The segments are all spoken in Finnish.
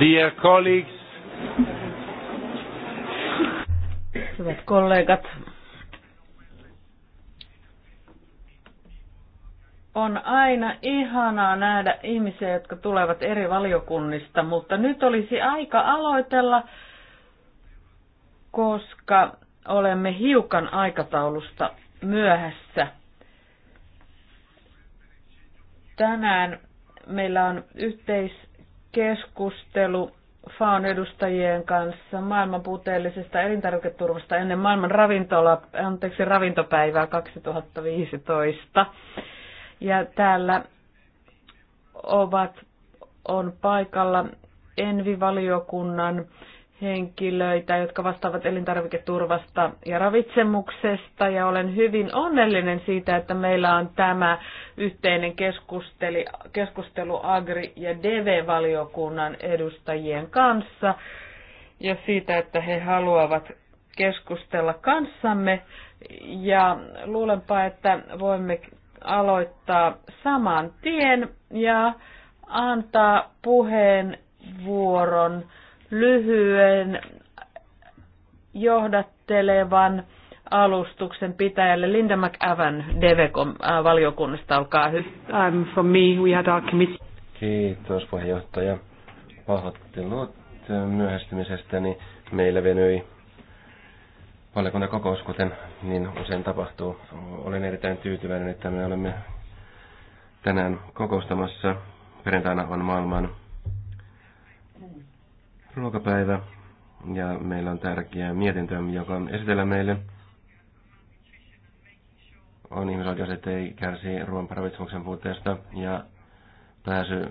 Dear colleagues. Hyvät kollegat. On aina ihanaa nähdä ihmisiä, jotka tulevat eri valiokunnista, mutta nyt olisi aika aloitella, koska olemme hiukan aikataulusta myöhässä. Tänään meillä on yhteis keskustelu FAON edustajien kanssa maailman puutteellisesta elintarviketurvasta ennen maailman ravintola, anteeksi, ravintopäivää 2015. Ja täällä ovat, on paikalla Envi-valiokunnan henkilöitä, jotka vastaavat elintarviketurvasta ja ravitsemuksesta. Ja olen hyvin onnellinen siitä, että meillä on tämä yhteinen keskusteli, keskustelu Agri- ja DV-valiokunnan edustajien kanssa. Ja siitä, että he haluavat keskustella kanssamme. Ja luulenpa, että voimme aloittaa saman tien ja antaa puheenvuoron vuoron lyhyen johdattelevan alustuksen pitäjälle Linda McAvan DEVECOM-valiokunnasta. Äh, olkaa hyvä. I'm um, from me. We had our committee. Kiitos puheenjohtaja. Pahoittelut niin Meillä venyi valiokuntakokous, kuten niin usein tapahtuu. Olen erittäin tyytyväinen, että me olemme tänään kokoustamassa. Perjantaina on maailman ruokapäivä ja meillä on tärkeä mietintö, joka esitellään meille. On ihmisoikeus, ettei kärsi ruoan ravitsemuksen puutteesta ja pääsy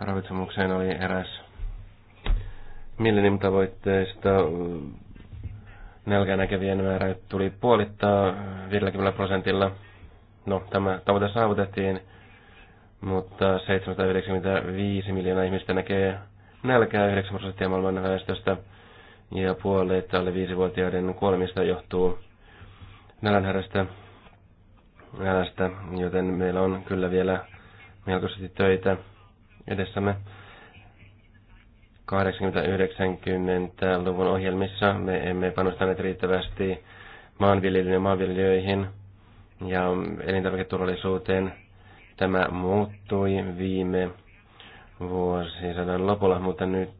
ravitsemukseen oli eräs millennium-tavoitteista. näkevien määrä tuli puolittaa 50 prosentilla. No, tämä tavoite saavutettiin, mutta 795 miljoonaa ihmistä näkee nälkää 9 prosenttia maailman väestöstä ja puolet alle 5-vuotiaiden kuolemista johtuu nälänhärästä, nälästä, joten meillä on kyllä vielä melkoisesti töitä edessämme. 80-90-luvun ohjelmissa me emme panostaneet riittävästi maanviljelyyn ja maanviljelijöihin ja elintarviketurvallisuuteen. Tämä muuttui viime vuosisadan lopulla, mutta nyt,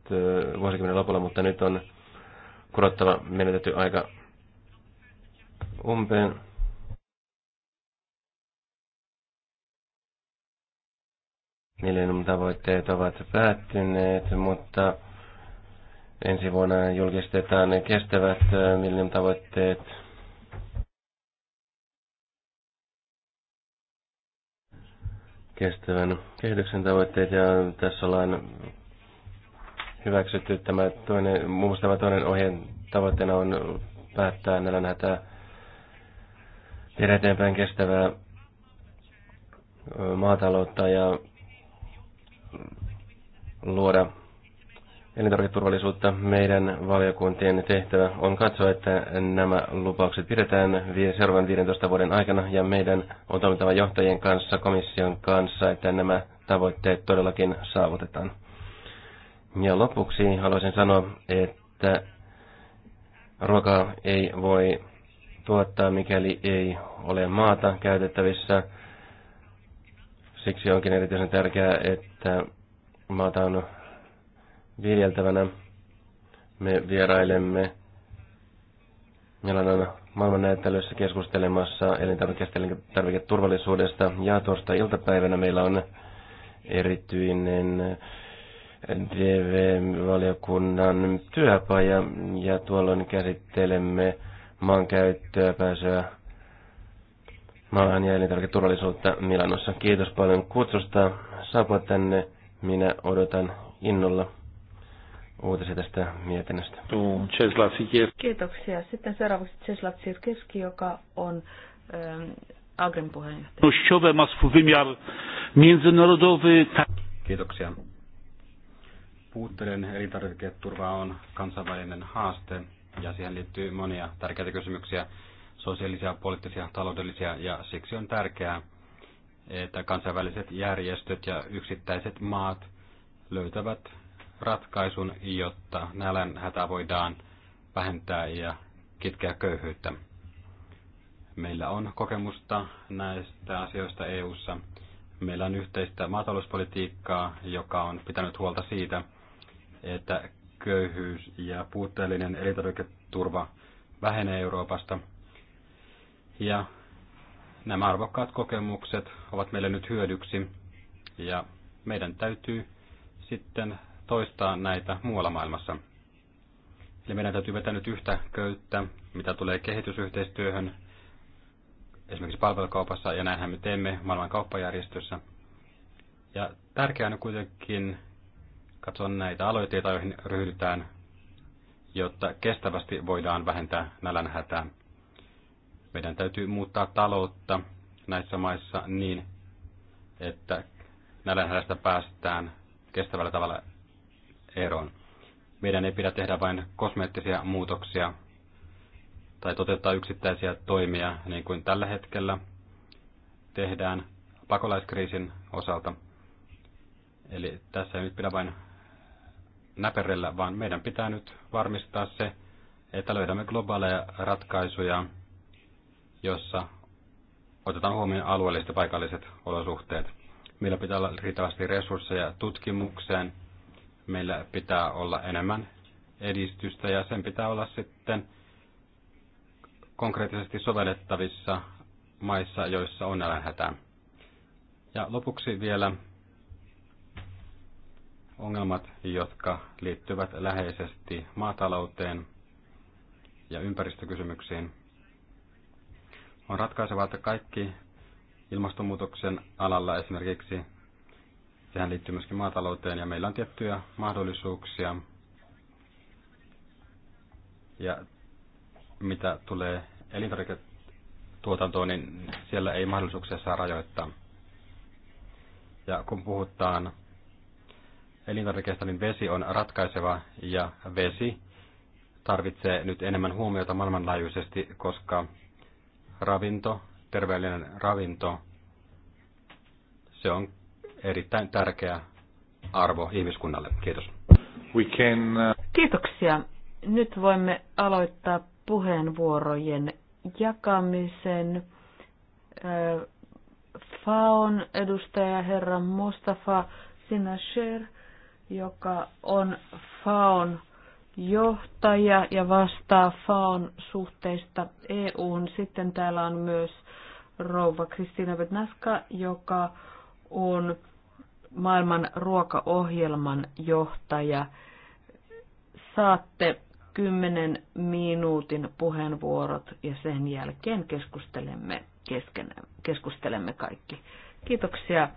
vuosikymmenen lopulla, mutta nyt on kurottava menetetty aika umpeen. Millennium-tavoitteet ovat päättyneet, mutta ensi vuonna julkistetaan kestävät millennium-tavoitteet – kestävän kehityksen tavoitteet ja tässä ollaan hyväksytty tämä toinen, muun muassa tämä toinen ohje tavoitteena on päättää nälänhätää viedä eteenpäin kestävää maataloutta ja luoda elintarviketurvallisuutta. Meidän valiokuntien tehtävä on katsoa, että nämä lupaukset pidetään seuraavan 15 vuoden aikana ja meidän on toimittava johtajien kanssa, komission kanssa, että nämä tavoitteet todellakin saavutetaan. Ja lopuksi haluaisin sanoa, että ruokaa ei voi tuottaa, mikäli ei ole maata käytettävissä. Siksi onkin erityisen tärkeää, että maata on viljeltävänä. Me vierailemme Milanon maailmannäyttelyssä keskustelemassa elintarviketurvallisuudesta ja tuosta iltapäivänä meillä on erityinen DV-valiokunnan työpaja ja tuolloin käsittelemme maankäyttöä, pääsyä maahan ja elintarviketurvallisuutta Milanossa. Kiitos paljon kutsusta saapua tänne. Minä odotan innolla uutisia tästä mietinnöstä. Kiitoksia. Sitten seuraavaksi Czeslaw Sirkeski, joka on ähm, Agrin puheenjohtaja. Kiitoksia. Puutteiden elintarviketurva on kansainvälinen haaste ja siihen liittyy monia tärkeitä kysymyksiä, sosiaalisia, poliittisia, taloudellisia ja siksi on tärkeää, että kansainväliset järjestöt ja yksittäiset maat löytävät ratkaisun, jotta hätä voidaan vähentää ja kitkeä köyhyyttä. Meillä on kokemusta näistä asioista EU:ssa. Meillä on yhteistä maatalouspolitiikkaa, joka on pitänyt huolta siitä, että köyhyys ja puutteellinen elintarviketurva vähenee Euroopasta. Ja nämä arvokkaat kokemukset ovat meille nyt hyödyksi ja meidän täytyy sitten toistaa näitä muualla maailmassa. Eli meidän täytyy vetää nyt yhtä köyttä, mitä tulee kehitysyhteistyöhön, esimerkiksi palvelukaupassa, ja näinhän me teemme maailman kauppajärjestössä. Ja tärkeää on kuitenkin katsoa näitä aloitteita, joihin ryhdytään, jotta kestävästi voidaan vähentää nälänhätää. Meidän täytyy muuttaa taloutta näissä maissa niin, että nälänhädästä päästään kestävällä tavalla eroon. Meidän ei pidä tehdä vain kosmeettisia muutoksia tai toteuttaa yksittäisiä toimia, niin kuin tällä hetkellä tehdään pakolaiskriisin osalta. Eli tässä ei nyt pidä vain näperellä, vaan meidän pitää nyt varmistaa se, että löydämme globaaleja ratkaisuja, jossa otetaan huomioon alueelliset ja paikalliset olosuhteet. Meillä pitää olla riittävästi resursseja tutkimukseen, meillä pitää olla enemmän edistystä ja sen pitää olla sitten konkreettisesti sovellettavissa maissa, joissa on nälänhätä. Ja lopuksi vielä ongelmat, jotka liittyvät läheisesti maatalouteen ja ympäristökysymyksiin. On ratkaisevaa, että kaikki ilmastonmuutoksen alalla esimerkiksi Sehän liittyy myöskin maatalouteen ja meillä on tiettyjä mahdollisuuksia. Ja mitä tulee elintarviketuotantoon, niin siellä ei mahdollisuuksia saa rajoittaa. Ja kun puhutaan elintarvikkeista, niin vesi on ratkaiseva ja vesi tarvitsee nyt enemmän huomiota maailmanlaajuisesti, koska ravinto, terveellinen ravinto, se on erittäin tärkeä arvo ihmiskunnalle. Kiitos. We can... Uh, Kiitoksia. Nyt voimme aloittaa puheenvuorojen jakamisen. FAON edustaja herra Mustafa Sinasher, joka on FAON johtaja ja vastaa FAON suhteista EUn. Sitten täällä on myös rouva Kristina Vednaska, joka on maailman ruokaohjelman johtaja. Saatte 10 minuutin puheenvuorot ja sen jälkeen keskustelemme, kesken, keskustelemme kaikki. Kiitoksia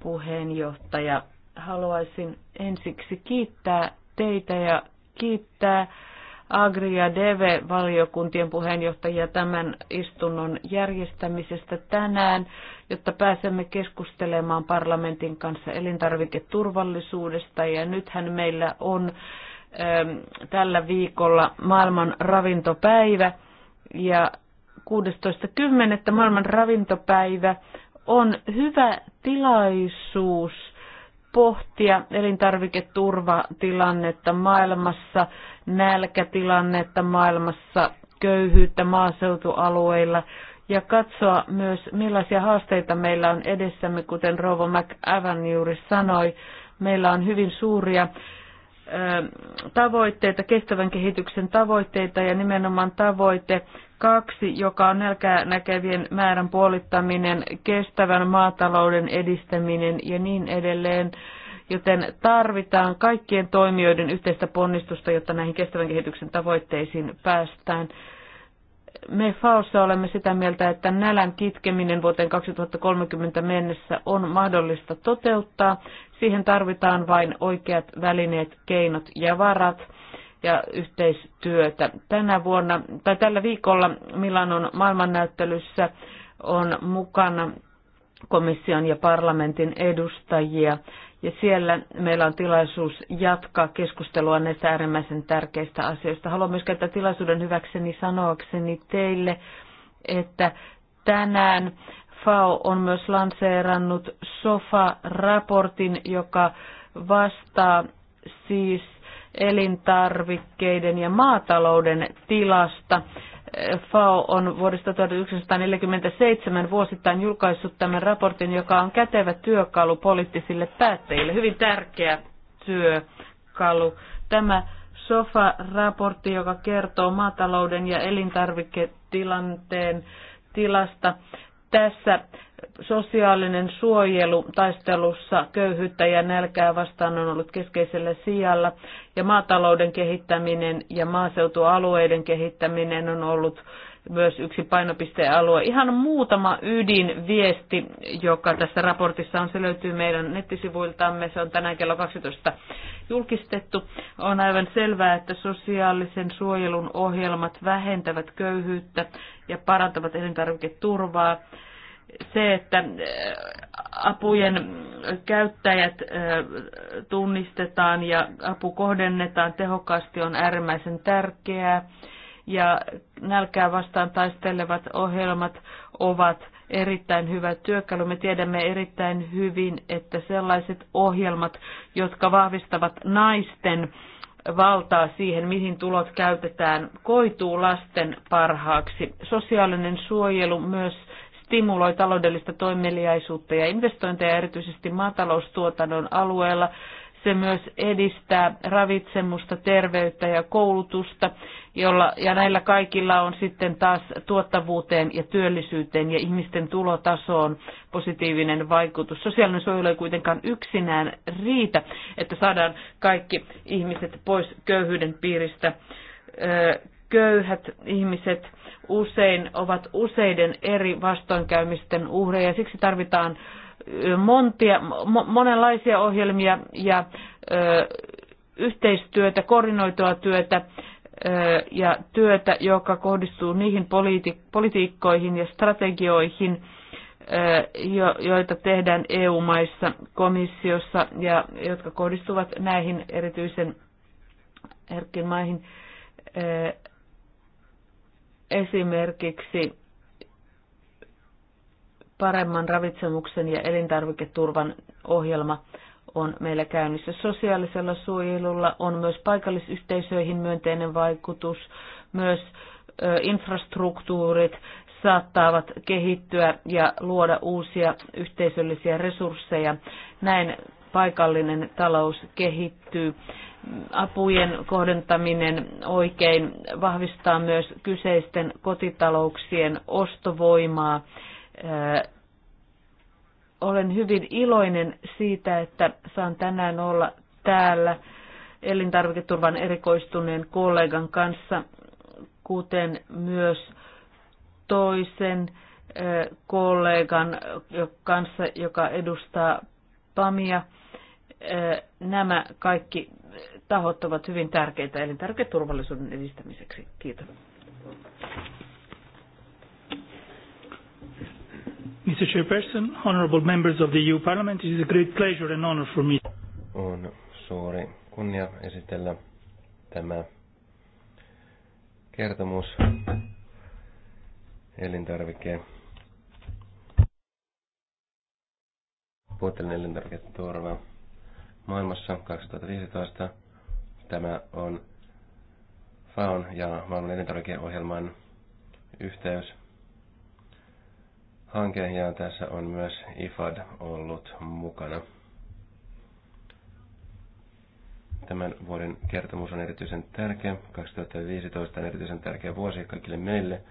puheenjohtaja. Haluaisin ensiksi kiittää teitä ja kiittää Agri- ja DV-valiokuntien puheenjohtajia tämän istunnon järjestämisestä tänään, jotta pääsemme keskustelemaan parlamentin kanssa elintarviketurvallisuudesta. Ja nythän meillä on ähm, tällä viikolla maailman ravintopäivä ja 16.10. maailman ravintopäivä on hyvä tilaisuus pohtia elintarviketurvatilannetta maailmassa, nälkätilannetta maailmassa, köyhyyttä maaseutualueilla ja katsoa myös millaisia haasteita meillä on edessämme, kuten Rova McAvan juuri sanoi. Meillä on hyvin suuria tavoitteita, kestävän kehityksen tavoitteita ja nimenomaan tavoite kaksi, joka on nälkää näkevien määrän puolittaminen, kestävän maatalouden edistäminen ja niin edelleen. Joten tarvitaan kaikkien toimijoiden yhteistä ponnistusta, jotta näihin kestävän kehityksen tavoitteisiin päästään me FAOssa olemme sitä mieltä, että nälän kitkeminen vuoteen 2030 mennessä on mahdollista toteuttaa. Siihen tarvitaan vain oikeat välineet, keinot ja varat ja yhteistyötä. Tänä vuonna, tai tällä viikolla Milanon maailmannäyttelyssä on mukana komission ja parlamentin edustajia. Ja siellä meillä on tilaisuus jatkaa keskustelua näistä äärimmäisen tärkeistä asioista. Haluan myös käyttää tilaisuuden hyväkseni sanoakseni teille, että tänään FAO on myös lanseerannut SOFA-raportin, joka vastaa siis elintarvikkeiden ja maatalouden tilasta FAO on vuodesta 1947 vuosittain julkaissut tämän raportin, joka on kätevä työkalu poliittisille päättäjille. Hyvin tärkeä työkalu. Tämä SOFA-raportti, joka kertoo maatalouden ja elintarviketilanteen tilasta. Tässä Sosiaalinen suojelu taistelussa köyhyyttä ja nälkää vastaan on ollut keskeisellä sijalla ja maatalouden kehittäminen ja maaseutualueiden kehittäminen on ollut myös yksi painopistealue. Ihan muutama ydinviesti, joka tässä raportissa on, se löytyy meidän nettisivuiltamme, se on tänään kello 12 julkistettu. On aivan selvää, että sosiaalisen suojelun ohjelmat vähentävät köyhyyttä ja parantavat elintarviketurvaa se, että äh, apujen käyttäjät äh, tunnistetaan ja apu kohdennetaan tehokkaasti on äärimmäisen tärkeää. Ja nälkää vastaan taistelevat ohjelmat ovat erittäin hyvä työkalu. Me tiedämme erittäin hyvin, että sellaiset ohjelmat, jotka vahvistavat naisten valtaa siihen, mihin tulot käytetään, koituu lasten parhaaksi. Sosiaalinen suojelu myös stimuloi taloudellista toimeliaisuutta ja investointeja erityisesti maataloustuotannon alueella. Se myös edistää ravitsemusta, terveyttä ja koulutusta, jolla, ja näillä kaikilla on sitten taas tuottavuuteen ja työllisyyteen ja ihmisten tulotasoon positiivinen vaikutus. Sosiaalinen suojelu ei kuitenkaan yksinään riitä, että saadaan kaikki ihmiset pois köyhyyden piiristä köyhät ihmiset usein ovat useiden eri vastoinkäymisten uhreja. Siksi tarvitaan montia, monenlaisia ohjelmia ja ö, yhteistyötä, koordinoitua työtä ö, ja työtä, joka kohdistuu niihin politi- politiikkoihin ja strategioihin, jo, joita tehdään EU-maissa, komissiossa ja jotka kohdistuvat näihin erityisen herkkiin maihin. Ö, esimerkiksi paremman ravitsemuksen ja elintarviketurvan ohjelma on meillä käynnissä. Sosiaalisella suojelulla on myös paikallisyhteisöihin myönteinen vaikutus, myös infrastruktuurit saattavat kehittyä ja luoda uusia yhteisöllisiä resursseja. Näin paikallinen talous kehittyy apujen kohdentaminen oikein vahvistaa myös kyseisten kotitalouksien ostovoimaa. Olen hyvin iloinen siitä, että saan tänään olla täällä elintarviketurvan erikoistuneen kollegan kanssa, kuten myös toisen kollegan kanssa, joka edustaa PAMia. Nämä kaikki tahot ovat hyvin tärkeitä elintarviketurvallisuuden edistämiseksi. Kiitos. Mr. Chairperson, honorable members of the EU Parliament, it is a great pleasure and honor for me. On suuri kunnia esitellä tämä kertomus elintarvikkeen puutteellinen elintarviketurva maailmassa 2015 Tämä on FAON ja maailman elintarvikeohjelman yhteys hanke ja tässä on myös IFAD ollut mukana. Tämän vuoden kertomus on erityisen tärkeä. 2015 on erityisen tärkeä vuosi kaikille meille.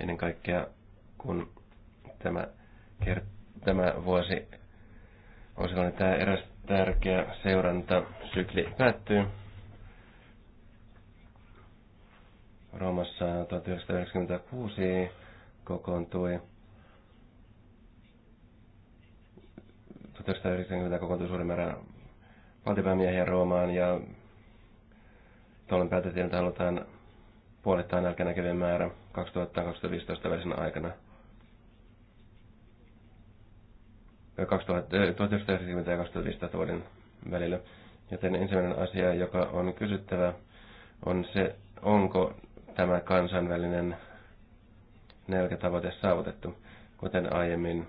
Ennen kaikkea kun tämä, kert- tämä vuosi on sellainen tämä eräs tärkeä seurantasykli päättyy. Roomassa 1996 kokoontui. 1990 kokoontui suurin määrä valtiopäämiehiä Roomaan ja tuolloin päätettiin, että halutaan puolittaa nälkänäkevien määrä 2015 välisen aikana. 1990 ja 2015 eh, vuoden välillä. Joten ensimmäinen asia, joka on kysyttävä, on se, onko tämä kansainvälinen nelkätavoite saavutettu. Kuten aiemmin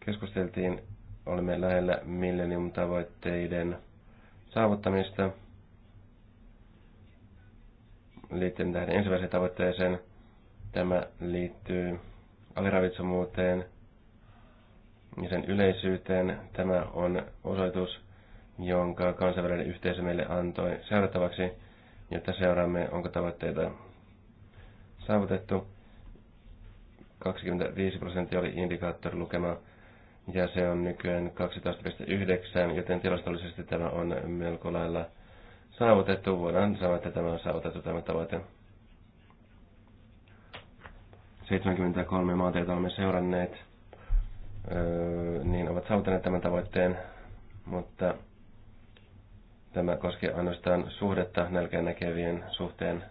keskusteltiin, olemme lähellä millennium-tavoitteiden saavuttamista liittyen tähän ensimmäiseen tavoitteeseen. Tämä liittyy aliravitsemuuteen ja sen yleisyyteen. Tämä on osoitus, jonka kansainvälinen yhteisö meille antoi seurattavaksi jotta seuraamme, onko tavoitteita saavutettu. 25 prosenttia oli indikaattorilukema ja se on nykyään 12,9, joten tilastollisesti tämä on melko lailla saavutettu. Voidaan sanoa, että tämä on saavutettu tämä tavoite. 73 maata, joita olemme seuranneet, öö, niin ovat saavuttaneet tämän tavoitteen, mutta Tämä koskee ainoastaan suhdetta nälkeen näkevien suhteen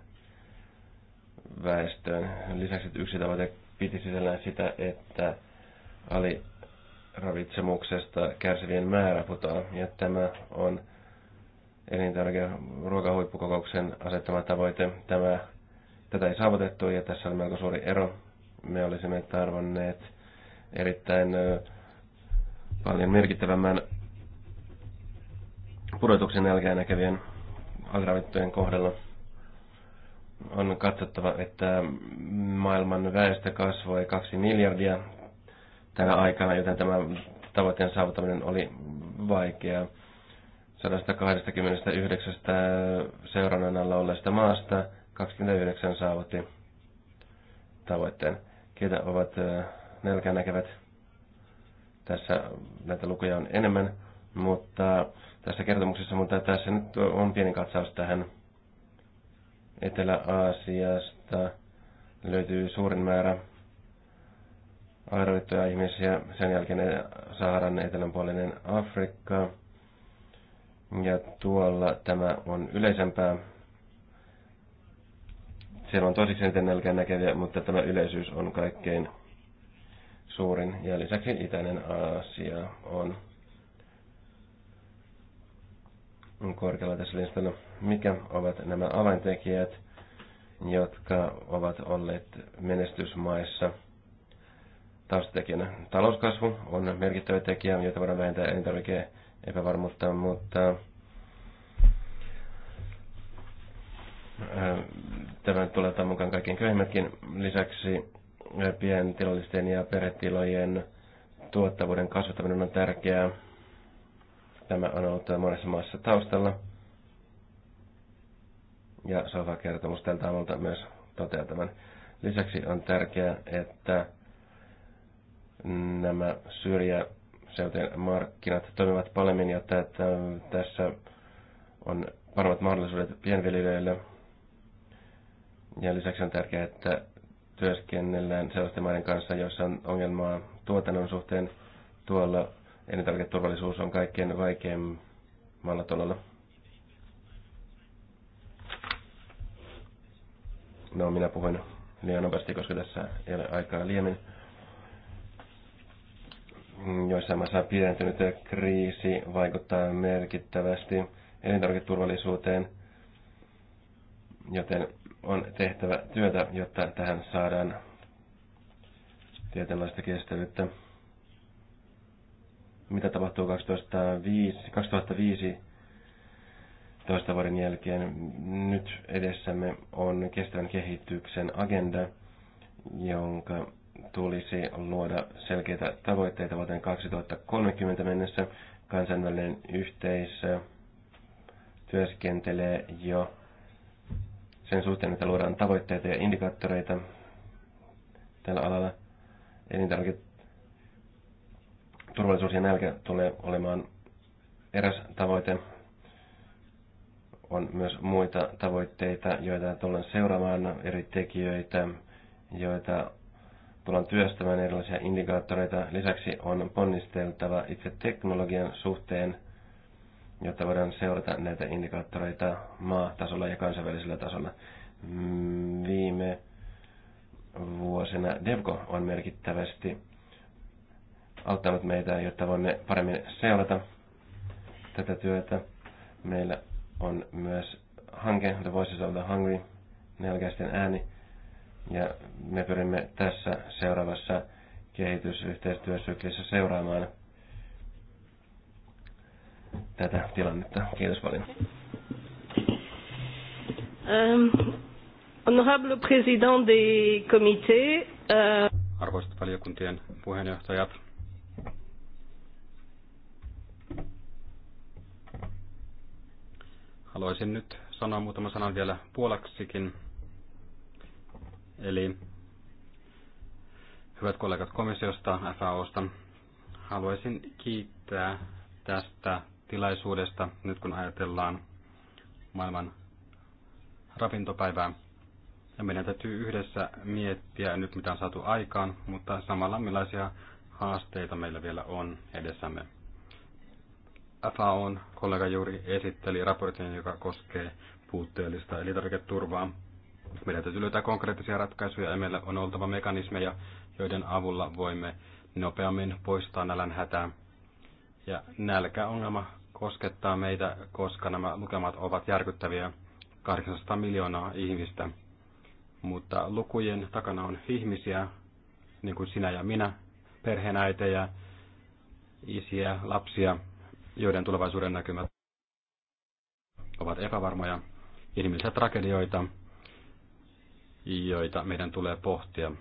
väestöön. Lisäksi yksi tavoite piti sisällään sitä, että aliravitsemuksesta kärsivien määrä putoaa. Ja tämä on elintarvike ruokahuippukokouksen asettama tavoite. Tämä, tätä ei saavutettu ja tässä on melko suuri ero. Me olisimme tarvonneet erittäin paljon merkittävämmän pudotuksen jälkeen näkevien aggravittujen kohdalla on katsottava, että maailman väestö kasvoi kaksi miljardia tänä aikana, joten tämä tavoitteen saavuttaminen oli vaikeaa. 129 seurannan alla olleesta maasta 29 saavutti tavoitteen. Ketä ovat äh, nelkään näkevät? Tässä näitä lukuja on enemmän mutta tässä kertomuksessa, mutta tässä nyt on pieni katsaus tähän Etelä-Aasiasta. Löytyy suurin määrä aeroittuja ihmisiä, sen jälkeen Saharan etelänpuolinen Afrikka. Ja tuolla tämä on yleisempää. Siellä on tosiksi eniten nälkeä näkeviä, mutta tämä yleisyys on kaikkein suurin. Ja lisäksi itäinen Aasia on korkealla tässä listalla. Mikä ovat nämä avaintekijät, jotka ovat olleet menestysmaissa taustatekijänä? Talouskasvu on merkittävä tekijä, jota voidaan vähentää elintarvikeen epävarmuutta, mutta tämän tulee tämän mukaan kaikkien köyhimmätkin. Lisäksi pientilallisten ja perhetilojen tuottavuuden kasvattaminen on tärkeää Tämä on ollut monessa maassa taustalla. Ja SOFA-kertomus tältä aamulta myös toteaa Lisäksi on tärkeää, että nämä syrjäseutujen markkinat toimivat paremmin, jotta että tässä on paremmat mahdollisuudet pienviljelijöille. Ja lisäksi on tärkeää, että työskennellään sellaisten maiden kanssa, joissa on ongelmaa tuotannon suhteen. Tuolla elintarviketurvallisuus on kaikkein vaikeimmalla tolalla. No, minä puhuin liian nopeasti, koska tässä ei ole aikaa liemin. Joissain maissa pienentynyt kriisi vaikuttaa merkittävästi elintarviketurvallisuuteen, joten on tehtävä työtä, jotta tähän saadaan tietynlaista kestävyyttä mitä tapahtuu 2005, 2015 vuoden jälkeen. Nyt edessämme on kestävän kehityksen agenda, jonka tulisi luoda selkeitä tavoitteita vuoteen 2030 mennessä. Kansainvälinen yhteisö työskentelee jo sen suhteen, että luodaan tavoitteita ja indikaattoreita tällä alalla. Elintarvike turvallisuus ja nälkä tulee olemaan eräs tavoite. On myös muita tavoitteita, joita tullaan seuraamaan, eri tekijöitä, joita tullaan työstämään erilaisia indikaattoreita. Lisäksi on ponnisteltava itse teknologian suhteen, jotta voidaan seurata näitä indikaattoreita maatasolla ja kansainvälisellä tasolla. Mm, viime vuosina DEVCO on merkittävästi auttanut meitä, jotta voimme paremmin seurata tätä työtä. Meillä on myös hanke, The Voices of the Hungry, nelkäisten ääni, ja me pyrimme tässä seuraavassa kehitysyhteistyösyklissä seuraamaan tätä tilannetta. Kiitos paljon. Ähm, honorable président des comités. Äh, Arvoisat valiokuntien puheenjohtajat, Haluaisin nyt sanoa muutaman sanan vielä puolaksikin. Eli hyvät kollegat komissiosta, FAOsta, haluaisin kiittää tästä tilaisuudesta, nyt kun ajatellaan maailman ravintopäivää. Ja meidän täytyy yhdessä miettiä nyt, mitä on saatu aikaan, mutta samalla millaisia haasteita meillä vielä on edessämme. FAOn kollega juuri esitteli raportin, joka koskee puutteellista elintarviketurvaa. Meidän täytyy löytää konkreettisia ratkaisuja ja meillä on oltava mekanismeja, joiden avulla voimme nopeammin poistaa nälän hätää. Ja nälkäongelma koskettaa meitä, koska nämä lukemat ovat järkyttäviä 800 miljoonaa ihmistä. Mutta lukujen takana on ihmisiä, niin kuin sinä ja minä, perheenäitejä, isiä, lapsia – joiden tulevaisuuden näkymät ovat epävarmoja, inhimillisiä tragedioita, joita meidän tulee pohtia.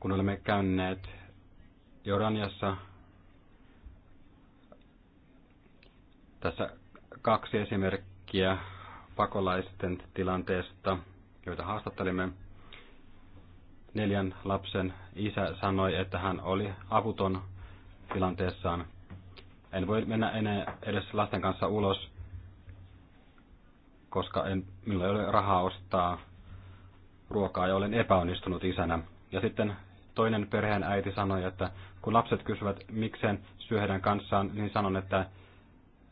Kun olemme käyneet Jordaniassa tässä kaksi esimerkkiä pakolaisten tilanteesta, joita haastattelimme. Neljän lapsen isä sanoi, että hän oli avuton tilanteessaan. En voi mennä enää edes lasten kanssa ulos, koska en, minulla ei ole rahaa ostaa ruokaa ja olen epäonnistunut isänä. Ja sitten toinen perheen äiti sanoi, että kun lapset kysyvät, miksen syö heidän kanssaan, niin sanon, että,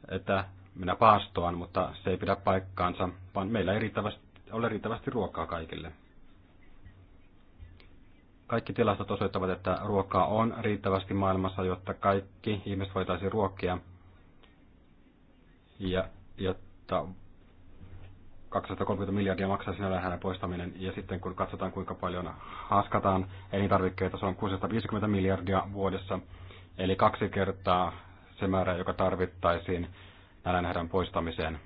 että minä paastoan, mutta se ei pidä paikkaansa, vaan meillä ei riittävästi, ole riittävästi ruokaa kaikille kaikki tilastot osoittavat, että ruokaa on riittävästi maailmassa, jotta kaikki ihmiset voitaisiin ruokkia. Ja jotta 230 miljardia maksaa lähellä poistaminen. Ja sitten kun katsotaan, kuinka paljon haskataan elintarvikkeita, se on 650 miljardia vuodessa. Eli kaksi kertaa se määrä, joka tarvittaisiin nälänhädän poistamiseen.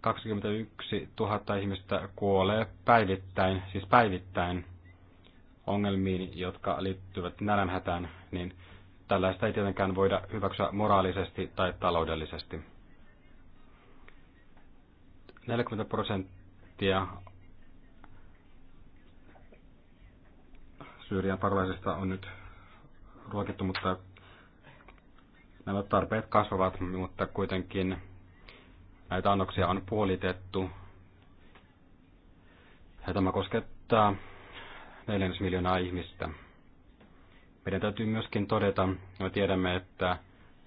21 000 ihmistä kuolee päivittäin, siis päivittäin ongelmiin, jotka liittyvät nälänhätään, niin tällaista ei tietenkään voida hyväksyä moraalisesti tai taloudellisesti. 40 prosenttia Syyrian parlaisista on nyt ruokittu, mutta nämä tarpeet kasvavat, mutta kuitenkin näitä annoksia on puolitettu. Ja tämä koskettaa neljännes miljoonaa ihmistä. Meidän täytyy myöskin todeta, me tiedämme, että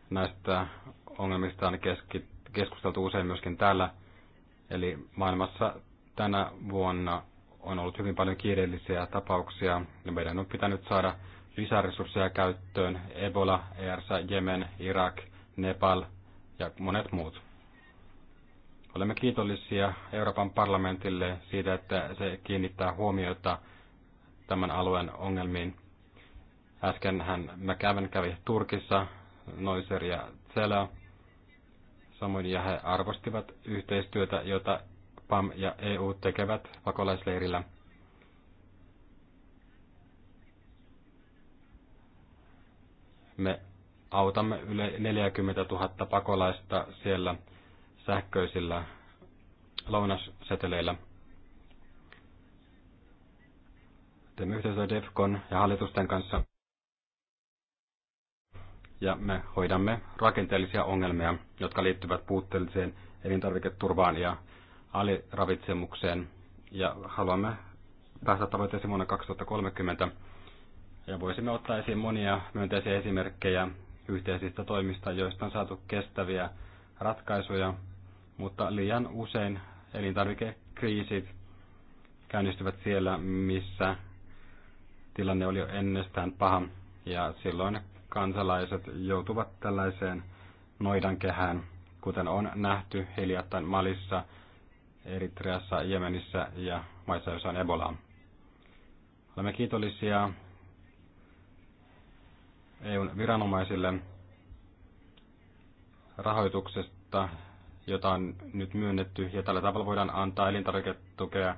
näistä ongelmista on keskusteltu usein myöskin täällä, eli maailmassa tänä vuonna on ollut hyvin paljon kiireellisiä tapauksia, ja meidän on pitänyt saada lisäresursseja käyttöön, Ebola, ERSA, Jemen, Irak, Nepal ja monet muut. Olemme kiitollisia Euroopan parlamentille siitä, että se kiinnittää huomiota tämän alueen ongelmiin. Äsken hän McCaven kävi Turkissa, Noiser ja Zela. Samoin ja he arvostivat yhteistyötä, jota PAM ja EU tekevät pakolaisleirillä. Me autamme yli 40 000 pakolaista siellä sähköisillä lounasseteleillä – teemme yhteistyötä DEFCON ja hallitusten kanssa. Ja me hoidamme rakenteellisia ongelmia, jotka liittyvät puutteelliseen elintarviketurvaan ja aliravitsemukseen. Ja haluamme päästä tavoitteeseen vuonna 2030. Ja voisimme ottaa esiin monia myönteisiä esimerkkejä yhteisistä toimista, joista on saatu kestäviä ratkaisuja, mutta liian usein elintarvikekriisit käynnistyvät siellä, missä tilanne oli jo ennestään paha ja silloin kansalaiset joutuvat tällaiseen noidankehään, kuten on nähty hiljattain Malissa, Eritreassa, Jemenissä ja maissa, joissa on Ebola. Olemme kiitollisia EUn viranomaisille rahoituksesta, jota on nyt myönnetty, ja tällä tavalla voidaan antaa elintarviketukea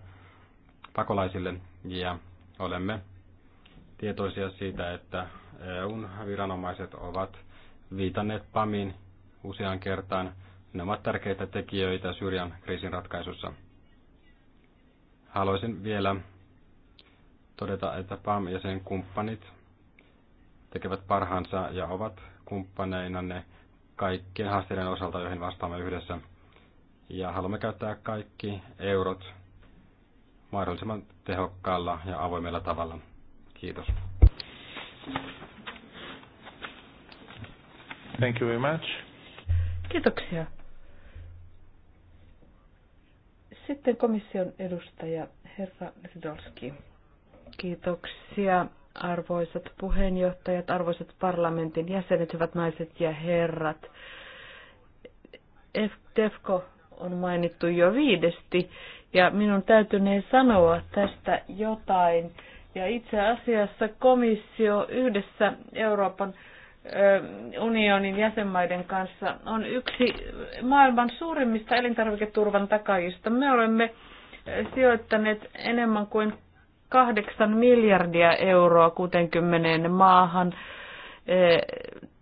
pakolaisille, ja olemme tietoisia siitä, että EUn viranomaiset ovat viitanneet PAMin useaan kertaan. Ne ovat tärkeitä tekijöitä Syyrian kriisin ratkaisussa. Haluaisin vielä todeta, että PAM ja sen kumppanit tekevät parhaansa ja ovat kumppaneinanne kaikkien haasteiden osalta, joihin vastaamme yhdessä. Ja haluamme käyttää kaikki eurot mahdollisimman tehokkaalla ja avoimella tavalla. Kiitos. Thank you very much. Kiitoksia. Sitten komission edustaja herra Rydolski. Kiitoksia arvoisat puheenjohtajat, arvoisat parlamentin jäsenet, hyvät naiset ja herrat. DEFCO on mainittu jo viidesti ja minun täytynee sanoa tästä jotain ja itse asiassa komissio yhdessä Euroopan unionin jäsenmaiden kanssa on yksi maailman suurimmista elintarviketurvan takajista. Me olemme sijoittaneet enemmän kuin 8 miljardia euroa 60 maahan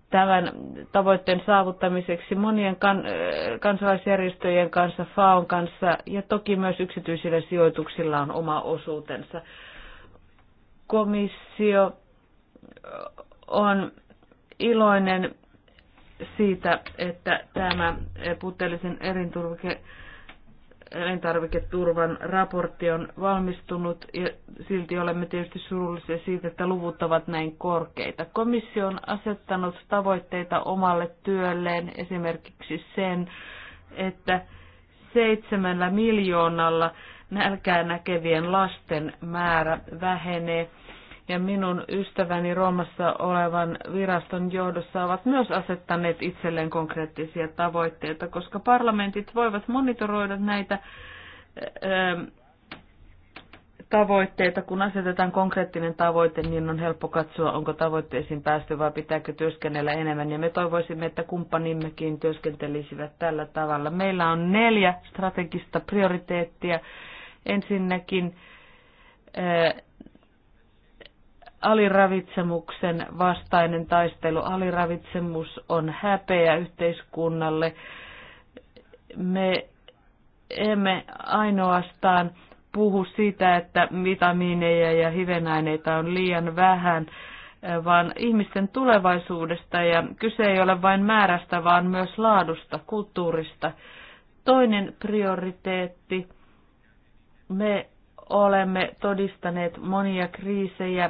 tämän tavoitteen saavuttamiseksi monien kan, kansalaisjärjestöjen kanssa, FAON kanssa ja toki myös yksityisillä sijoituksilla on oma osuutensa komissio on iloinen siitä, että tämä puutteellisen elintarviketurvan raportti on valmistunut ja silti olemme tietysti surullisia siitä, että luvut ovat näin korkeita. Komissio on asettanut tavoitteita omalle työlleen, esimerkiksi sen, että seitsemällä miljoonalla nälkää näkevien lasten määrä vähenee – ja minun ystäväni Roomassa olevan viraston johdossa ovat myös asettaneet itselleen konkreettisia tavoitteita, koska parlamentit voivat monitoroida näitä ähm, tavoitteita. Kun asetetaan konkreettinen tavoite, niin on helppo katsoa, onko tavoitteisiin päästy vai pitääkö työskennellä enemmän. Ja me toivoisimme, että kumppanimmekin työskentelisivät tällä tavalla. Meillä on neljä strategista prioriteettia. Ensinnäkin äh, aliravitsemuksen vastainen taistelu. Aliravitsemus on häpeä yhteiskunnalle. Me emme ainoastaan puhu siitä, että vitamiineja ja hivenaineita on liian vähän, vaan ihmisten tulevaisuudesta ja kyse ei ole vain määrästä, vaan myös laadusta, kulttuurista. Toinen prioriteetti. Me olemme todistaneet monia kriisejä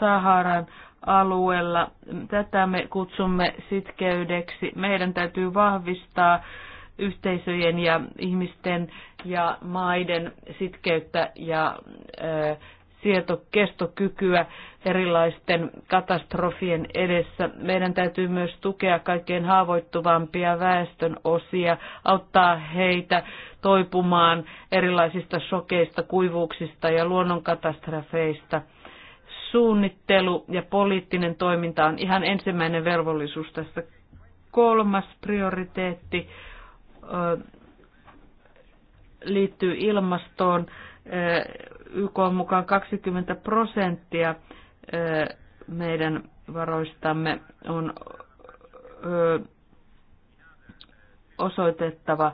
Saharan alueella. Tätä me kutsumme sitkeydeksi. Meidän täytyy vahvistaa yhteisöjen ja ihmisten ja maiden sitkeyttä ja ö, sietokestokykyä erilaisten katastrofien edessä. Meidän täytyy myös tukea kaikkein haavoittuvampia väestön osia, auttaa heitä toipumaan erilaisista sokeista, kuivuuksista ja luonnonkatastrofeista – suunnittelu ja poliittinen toiminta on ihan ensimmäinen velvollisuus tässä. Kolmas prioriteetti liittyy ilmastoon. YK on mukaan 20 prosenttia meidän varoistamme on osoitettava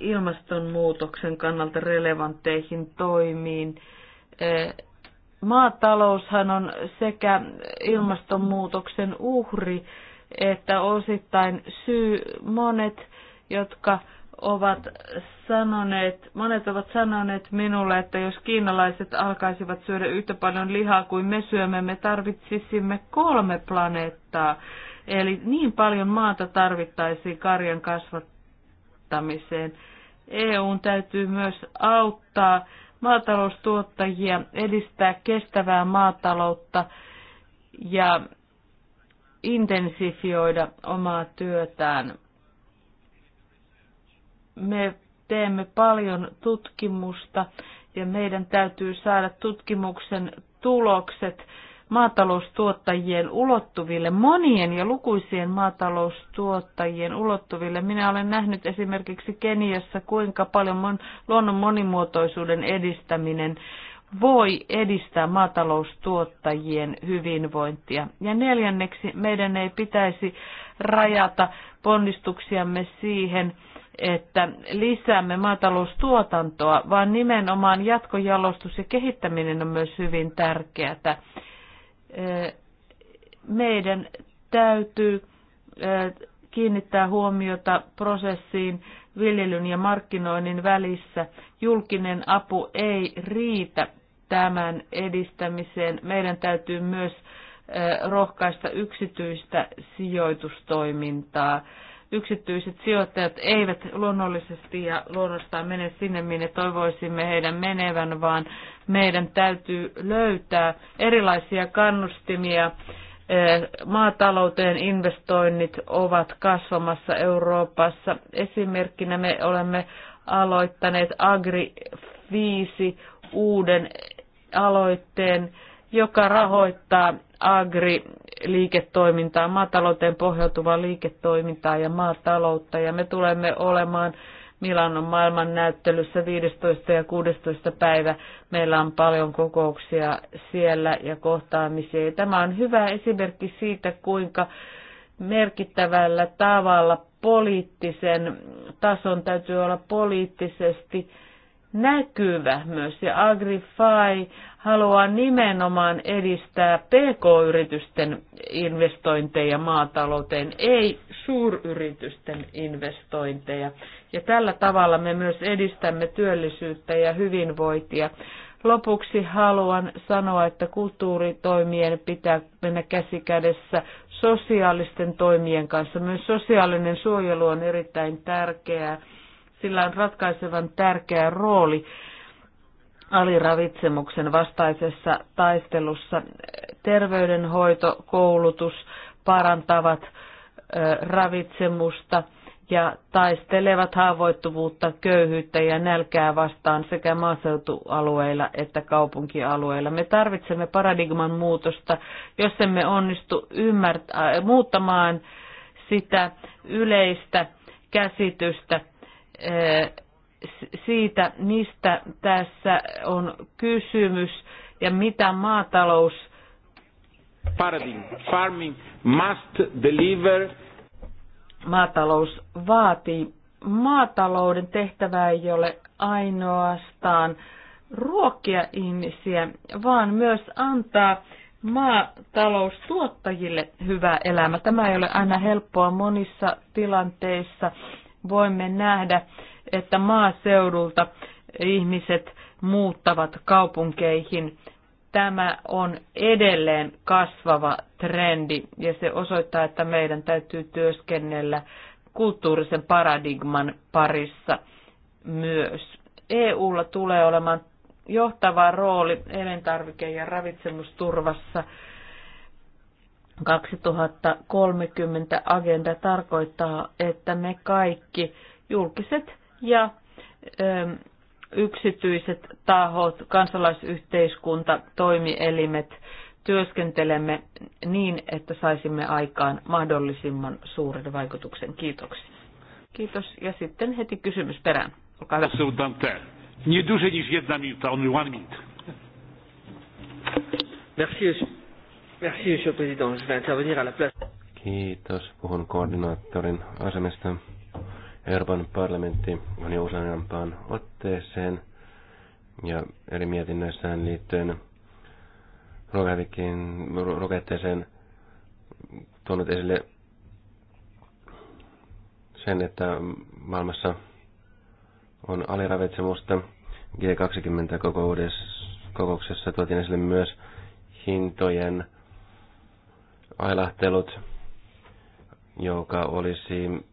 ilmastonmuutoksen kannalta relevantteihin toimiin. Maataloushan on sekä ilmastonmuutoksen uhri että osittain syy monet, jotka ovat sanoneet, monet ovat sanoneet minulle, että jos kiinalaiset alkaisivat syödä yhtä paljon lihaa kuin me syömme, me tarvitsisimme kolme planeettaa. Eli niin paljon maata tarvittaisiin karjan kasvattamiseen. EUn täytyy myös auttaa maataloustuottajia, edistää kestävää maataloutta ja intensifioida omaa työtään. Me teemme paljon tutkimusta ja meidän täytyy saada tutkimuksen tulokset maataloustuottajien ulottuville, monien ja lukuisien maataloustuottajien ulottuville. Minä olen nähnyt esimerkiksi Keniassa, kuinka paljon luonnon monimuotoisuuden edistäminen voi edistää maataloustuottajien hyvinvointia. Ja neljänneksi meidän ei pitäisi rajata ponnistuksiamme siihen, että lisäämme maataloustuotantoa, vaan nimenomaan jatkojalostus ja kehittäminen on myös hyvin tärkeää meidän täytyy kiinnittää huomiota prosessiin viljelyn ja markkinoinnin välissä. Julkinen apu ei riitä tämän edistämiseen. Meidän täytyy myös rohkaista yksityistä sijoitustoimintaa yksityiset sijoittajat eivät luonnollisesti ja luonnostaan mene sinne, minne toivoisimme heidän menevän, vaan meidän täytyy löytää erilaisia kannustimia. Maatalouteen investoinnit ovat kasvamassa Euroopassa. Esimerkkinä me olemme aloittaneet Agri 5 uuden aloitteen, joka rahoittaa agri liiketoimintaa, maatalouteen pohjautuvaa liiketoimintaa ja maataloutta. Ja me tulemme olemaan Milanon näyttelyssä 15. ja 16. päivä. Meillä on paljon kokouksia siellä ja kohtaamisia. Tämä on hyvä esimerkki siitä, kuinka merkittävällä tavalla poliittisen tason täytyy olla poliittisesti näkyvä myös. Ja AgriFi haluaa nimenomaan edistää pk-yritysten investointeja maatalouteen, ei suuryritysten investointeja. Ja tällä tavalla me myös edistämme työllisyyttä ja hyvinvointia. Lopuksi haluan sanoa, että kulttuuritoimien pitää mennä käsi kädessä sosiaalisten toimien kanssa. Myös sosiaalinen suojelu on erittäin tärkeää sillä on ratkaisevan tärkeä rooli aliravitsemuksen vastaisessa taistelussa. Terveydenhoito, koulutus parantavat ravitsemusta ja taistelevat haavoittuvuutta, köyhyyttä ja nälkää vastaan sekä maaseutualueilla että kaupunkialueilla. Me tarvitsemme paradigman muutosta, jos emme onnistu ymmärtä, äh, muuttamaan sitä yleistä käsitystä siitä, mistä tässä on kysymys ja mitä maatalous Farming, farming must deliver. Maatalous vaatii. Maatalouden tehtävä ei ole ainoastaan ruokkia ihmisiä, vaan myös antaa maataloustuottajille hyvää elämä. Tämä ei ole aina helppoa monissa tilanteissa voimme nähdä, että maaseudulta ihmiset muuttavat kaupunkeihin. Tämä on edelleen kasvava trendi ja se osoittaa, että meidän täytyy työskennellä kulttuurisen paradigman parissa myös. EUlla tulee olemaan johtava rooli elintarvike- ja ravitsemusturvassa 2030 agenda tarkoittaa, että me kaikki julkiset ja ö, ähm, yksityiset tahot, kansalaisyhteiskunta, toimielimet työskentelemme niin, että saisimme aikaan mahdollisimman suuren vaikutuksen. Kiitoksia. Kiitos. Ja sitten heti kysymys perään. Olkaa hyvä. Nie dłużej niż jedna minuta, only one minute. Merci. Merci, monsieur le président. Je vais intervenir à la place. Kiitos. Puhun koordinaattorin asemesta. Euroopan parlamentti on jo useampaan otteeseen ja eri mietinnöissään liittyen rokotteeseen tuonut esille sen, että maailmassa on aliravitsemusta. G20-kokouksessa tuotiin esille myös hintojen ailahtelut, joka olisi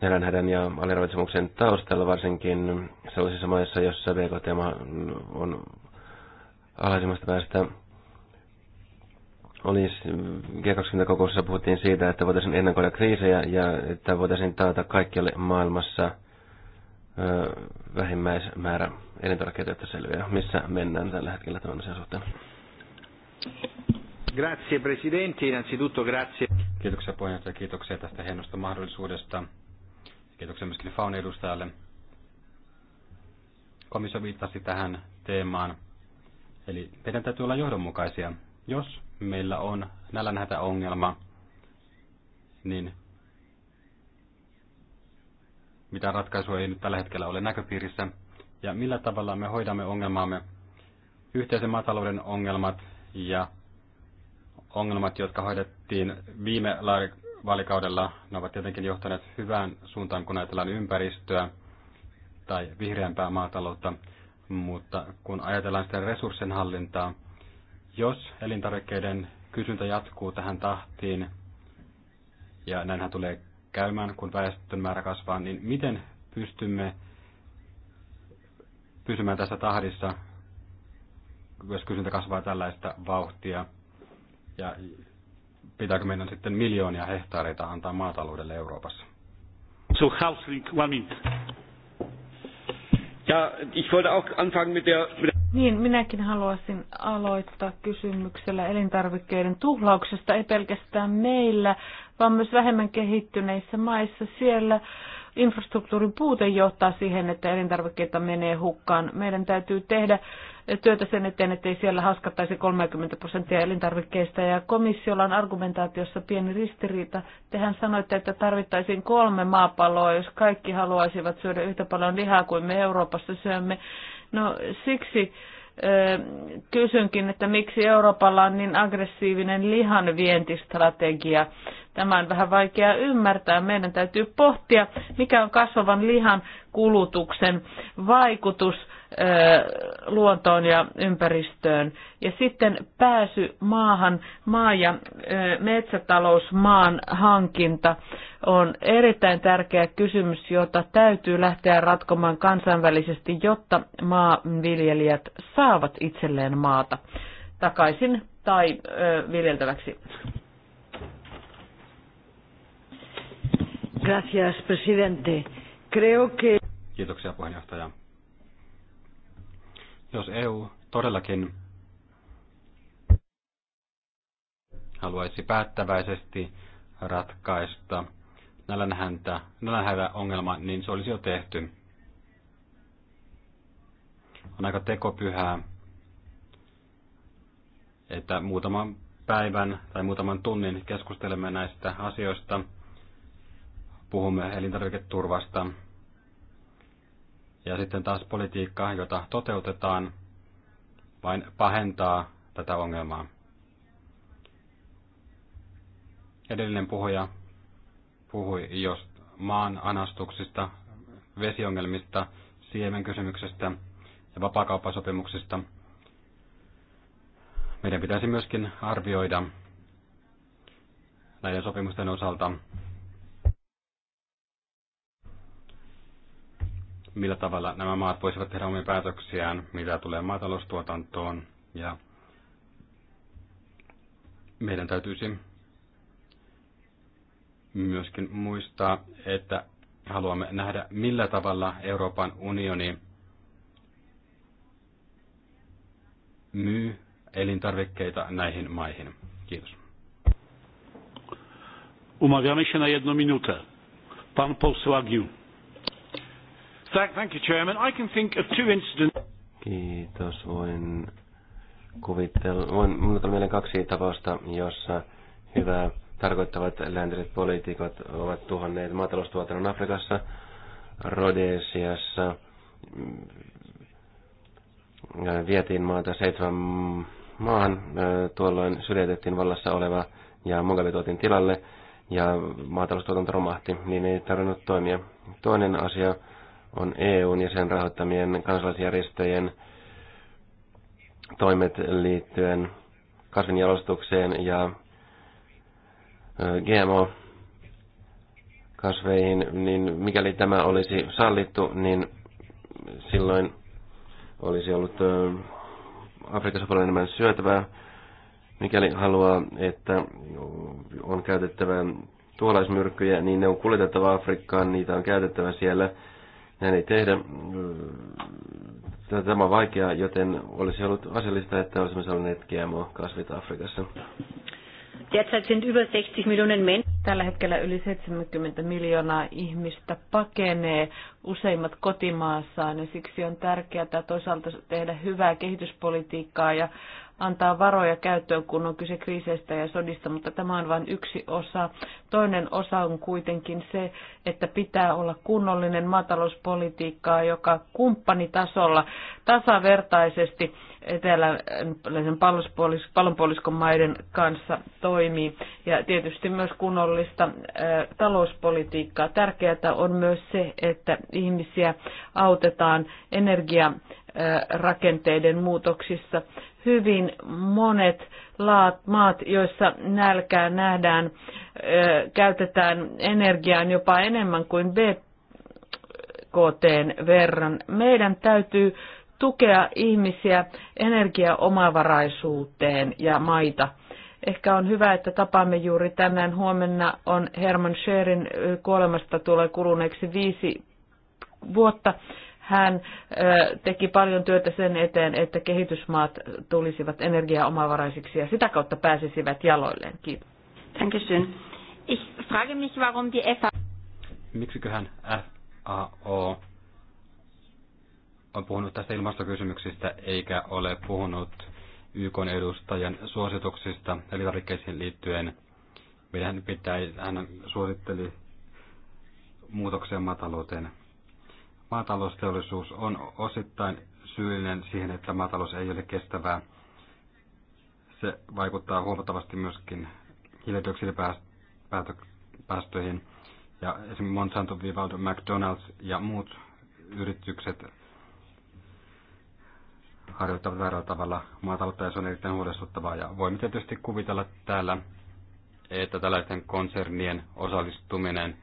nälänhädän ja aliravitsemuksen taustalla, varsinkin sellaisissa maissa, jossa BKT on alhaisimmasta päästä. Olisi G20-kokouksessa puhuttiin siitä, että voitaisiin ennakoida kriisejä ja että voitaisiin taata kaikkialle maailmassa vähimmäismäärä elintarvikkeita, että selviää, missä mennään tällä hetkellä tämän asian suhteen. Grazie Presidente, innanzitutto grazie. Kiitoksia puheenjohtaja, kiitoksia tästä hienosta mahdollisuudesta. Kiitoksia myöskin FAUN edustajalle. Komissio viittasi tähän teemaan. Eli meidän täytyy olla johdonmukaisia. Jos meillä on nälänhätä ongelma, niin mitä ratkaisua ei nyt tällä hetkellä ole näköpiirissä, ja millä tavalla me hoidamme ongelmaamme, yhteisen maatalouden ongelmat ja ongelmat, jotka hoidettiin viime vaalikaudella, ne ovat tietenkin johtaneet hyvään suuntaan, kun ajatellaan ympäristöä tai vihreämpää maataloutta, mutta kun ajatellaan sitten resurssien hallintaa, jos elintarvikkeiden kysyntä jatkuu tähän tahtiin, ja näinhän tulee käymään, kun väestön määrä kasvaa, niin miten pystymme pysymään tässä tahdissa, jos kysyntä kasvaa tällaista vauhtia – ja pitääkö meidän sitten miljoonia hehtaareita antaa maataloudelle Euroopassa? So Hausling, one minute. Ja, ich wollte auch anfangen mit der, mit der niin, minäkin haluaisin aloittaa kysymyksellä elintarvikkeiden tuhlauksesta, ei pelkästään meillä, vaan myös vähemmän kehittyneissä maissa. Siellä infrastruktuurin puute johtaa siihen, että elintarvikkeita menee hukkaan. Meidän täytyy tehdä työtä sen eteen, ettei siellä haskattaisi 30 prosenttia elintarvikkeista. Ja komissiolla on argumentaatiossa pieni ristiriita. Tehän sanoitte, että tarvittaisiin kolme maapalloa, jos kaikki haluaisivat syödä yhtä paljon lihaa kuin me Euroopassa syömme. No siksi kysynkin, että miksi Euroopalla on niin aggressiivinen lihan vientistrategia. Tämä on vähän vaikea ymmärtää. Meidän täytyy pohtia, mikä on kasvavan lihan kulutuksen vaikutus luontoon ja ympäristöön. Ja sitten pääsy maahan, maa- ja metsätalousmaan hankinta on erittäin tärkeä kysymys, jota täytyy lähteä ratkomaan kansainvälisesti, jotta maanviljelijät saavat itselleen maata takaisin tai viljeltäväksi. Gracias, presidente. Creo que... Kiitoksia puheenjohtaja jos EU todellakin haluaisi päättäväisesti ratkaista nälänhäntä, nälänhäivä ongelma, niin se olisi jo tehty. On aika tekopyhää, että muutaman päivän tai muutaman tunnin keskustelemme näistä asioista. Puhumme elintarviketurvasta, ja sitten taas politiikka, jota toteutetaan, vain pahentaa tätä ongelmaa. Edellinen puhuja puhui jos maan anastuksista, vesiongelmista, siemenkysymyksestä ja vapaakauppasopimuksista. Meidän pitäisi myöskin arvioida näiden sopimusten osalta millä tavalla nämä maat voisivat tehdä omia päätöksiään, mitä tulee maataloustuotantoon. Ja meidän täytyisi myöskin muistaa, että haluamme nähdä, millä tavalla Euroopan unioni myy elintarvikkeita näihin maihin. Kiitos. Umawiamy się na jedną minutę. Pan poseł Agiu. Thank you, Chairman. I can think of two incidents. Kiitos. Voin kuvitella. Voin, minulla on mieleen kaksi tapausta, jossa hyvää tarkoittavat läntiset poliitikot ovat tuhonneet maataloustuotannon Afrikassa, Rhodesiassa. Mm, vietiin maata seitsemän maahan, tuolloin syrjäytettiin vallassa oleva ja Mugabe tuotiin tilalle ja maataloustuotanto romahti, niin ei tarvinnut toimia. Toinen asia on EUn ja sen rahoittamien kansalaisjärjestöjen toimet liittyen kasvinjalostukseen ja GMO kasveihin, niin mikäli tämä olisi sallittu, niin silloin olisi ollut Afrikassa paljon enemmän syötävää. Mikäli haluaa, että on käytettävä tuolaismyrkkyjä, niin ne on kuljetettava Afrikkaan, niitä on käytettävä siellä. Näin ei tehdä. Tämä on vaikeaa, joten olisi ollut asiallista, että olisimme saaneet GMO-kasvit Afrikassa. 60 Tällä hetkellä yli 70 miljoonaa ihmistä pakenee useimmat kotimaassaan ja siksi on tärkeää toisaalta tehdä hyvää kehityspolitiikkaa ja antaa varoja käyttöön, kun on kyse kriiseistä ja sodista, mutta tämä on vain yksi osa. Toinen osa on kuitenkin se, että pitää olla kunnollinen maatalouspolitiikkaa, joka kumppanitasolla tasavertaisesti eteläisen pallonpuoliskon maiden kanssa toimii. Ja tietysti myös kunnollista talouspolitiikkaa. Tärkeää on myös se, että ihmisiä autetaan energia rakenteiden muutoksissa hyvin monet laat, maat, joissa nälkää nähdään, käytetään energiaan jopa enemmän kuin BKTn verran. Meidän täytyy tukea ihmisiä energiaomavaraisuuteen ja maita. Ehkä on hyvä, että tapaamme juuri tänään. Huomenna on Herman Scherin kuolemasta tulee kuluneeksi viisi vuotta hän teki paljon työtä sen eteen, että kehitysmaat tulisivat energiaomavaraisiksi ja sitä kautta pääsisivät jaloilleen. Kiitos. Dankeschön. Ich frage mich, warum die FA... Miksiköhän FAO on puhunut tästä ilmastokysymyksistä eikä ole puhunut YK edustajan suosituksista elintarvikkeisiin liittyen. Meidän pitää, hän suositteli muutoksia maatalouteen maatalousteollisuus on osittain syyllinen siihen, että maatalous ei ole kestävää. Se vaikuttaa huomattavasti myöskin hiilidioksidipäästöihin. Ja esimerkiksi Monsanto, Vivaldo, McDonald's ja muut yritykset harjoittavat väärällä tavalla maataloutta ja se on erittäin huolestuttavaa. Ja voimme tietysti kuvitella täällä, että tällaisten konsernien osallistuminen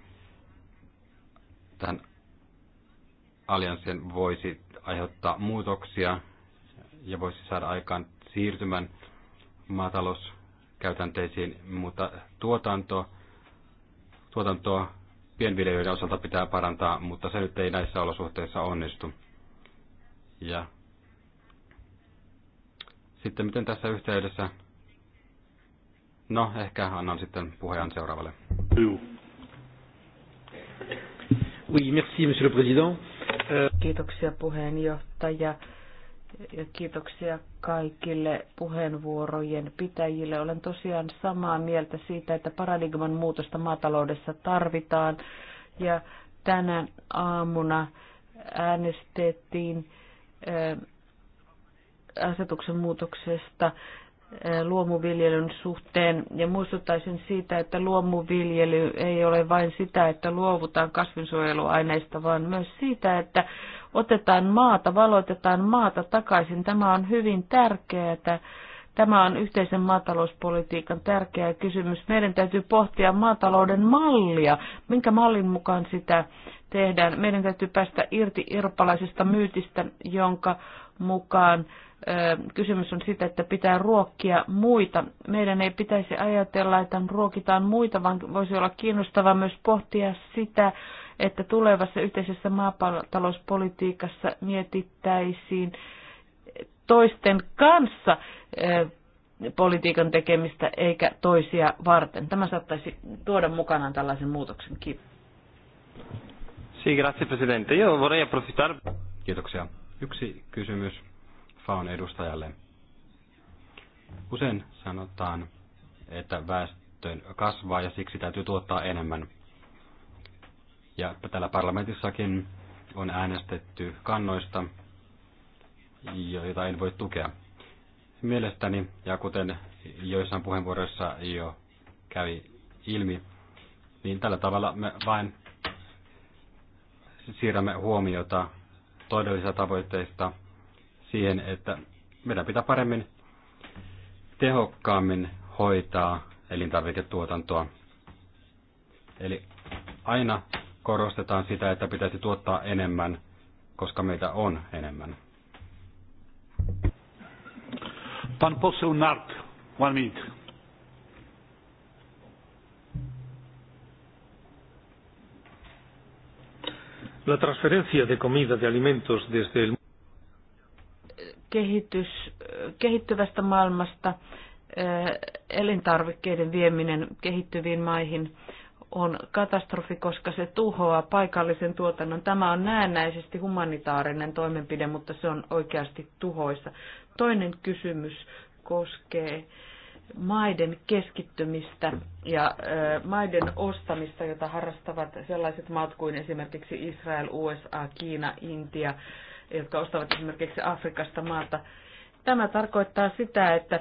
tähän allianssin voisi aiheuttaa muutoksia ja voisi saada aikaan siirtymän maatalouskäytänteisiin, mutta tuotanto, tuotantoa pienviljelijöiden osalta pitää parantaa, mutta se nyt ei näissä olosuhteissa onnistu. Ja sitten miten tässä yhteydessä, no ehkä annan sitten puheen seuraavalle. Oui, merci, monsieur le président. Kiitoksia puheenjohtaja ja kiitoksia kaikille puheenvuorojen pitäjille. Olen tosiaan samaa mieltä siitä, että paradigman muutosta maataloudessa tarvitaan ja tänä aamuna äänestettiin asetuksen muutoksesta Eh, luomuviljelyn suhteen ja muistuttaisin siitä, että luomuviljely ei ole vain sitä, että luovutaan kasvinsuojeluaineista, vaan myös siitä, että otetaan maata, valoitetaan maata takaisin. Tämä on hyvin tärkeää. Tämä on yhteisen maatalouspolitiikan tärkeä kysymys. Meidän täytyy pohtia maatalouden mallia, minkä mallin mukaan sitä tehdään. Meidän täytyy päästä irti irpalaisesta myytistä, jonka mukaan kysymys on siitä, että pitää ruokkia muita. Meidän ei pitäisi ajatella, että ruokitaan muita, vaan voisi olla kiinnostavaa myös pohtia sitä, että tulevassa yhteisessä maapallotalouspolitiikassa mietittäisiin toisten kanssa politiikan tekemistä eikä toisia varten. Tämä saattaisi tuoda mukanaan tällaisen muutoksen. Kiitos. Sì, grazie Presidente. Io vorrei approfittare... Kiitoksia. Yksi kysymys FAON edustajalle. Usein sanotaan, että väestö kasvaa ja siksi täytyy tuottaa enemmän. Ja täällä parlamentissakin on äänestetty kannoista, joita en voi tukea. Mielestäni, ja kuten joissain puheenvuoroissa jo kävi ilmi, niin tällä tavalla me vain siirrämme huomiota todellisista tavoitteista siihen, että meidän pitää paremmin tehokkaammin hoitaa elintarviketuotantoa. Eli aina korostetaan sitä, että pitäisi tuottaa enemmän, koska meitä on enemmän. Pan poseł Nart, one minute. La transferencia de comida, de alimentos desde el kehitys, kehittyvästä maailmasta eh, elintarvikkeiden vieminen kehittyviin maihin on katastrofi, koska se tuhoaa paikallisen tuotannon. Tämä on näennäisesti humanitaarinen toimenpide, mutta se on oikeasti tuhoisa. Toinen kysymys koskee maiden keskittymistä ja eh, maiden ostamista, jota harrastavat sellaiset maat kuin esimerkiksi Israel, USA, Kiina, Intia, jotka ostavat esimerkiksi Afrikasta maata. Tämä tarkoittaa sitä, että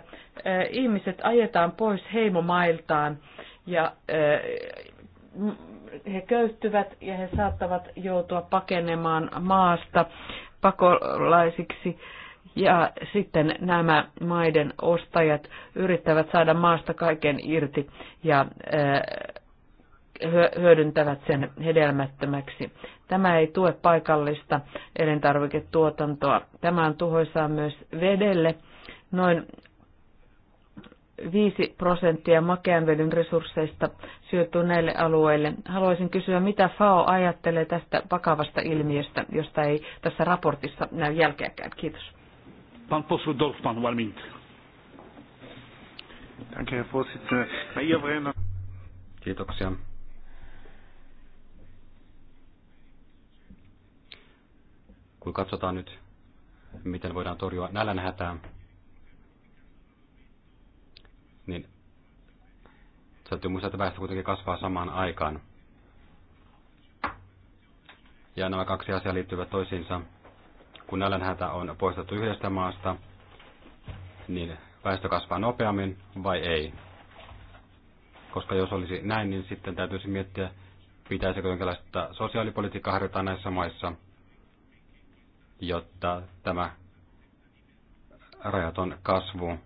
ihmiset ajetaan pois heimomailtaan ja he köyhtyvät ja he saattavat joutua pakenemaan maasta pakolaisiksi. Ja sitten nämä maiden ostajat yrittävät saada maasta kaiken irti ja hyödyntävät sen hedelmättömäksi. Tämä ei tue paikallista elintarviketuotantoa. Tämä on tuhoisaa myös vedelle. Noin 5 prosenttia makean vedyn resursseista syötyy näille alueille. Haluaisin kysyä, mitä FAO ajattelee tästä vakavasta ilmiöstä, josta ei tässä raportissa näy jälkeäkään. Kiitos. Pan Poslu Dorfman, Kiitoksia. Kun katsotaan nyt, miten voidaan torjua nälänhätää, niin täytyy muistaa, että väestö kuitenkin kasvaa samaan aikaan. Ja nämä kaksi asiaa liittyvät toisiinsa. Kun nälänhätä on poistettu yhdestä maasta, niin väestö kasvaa nopeammin vai ei? Koska jos olisi näin, niin sitten täytyisi miettiä, pitäisikö jonkinlaista sosiaalipolitiikkaa harjoittaa näissä maissa jotta tämä rajaton kasvu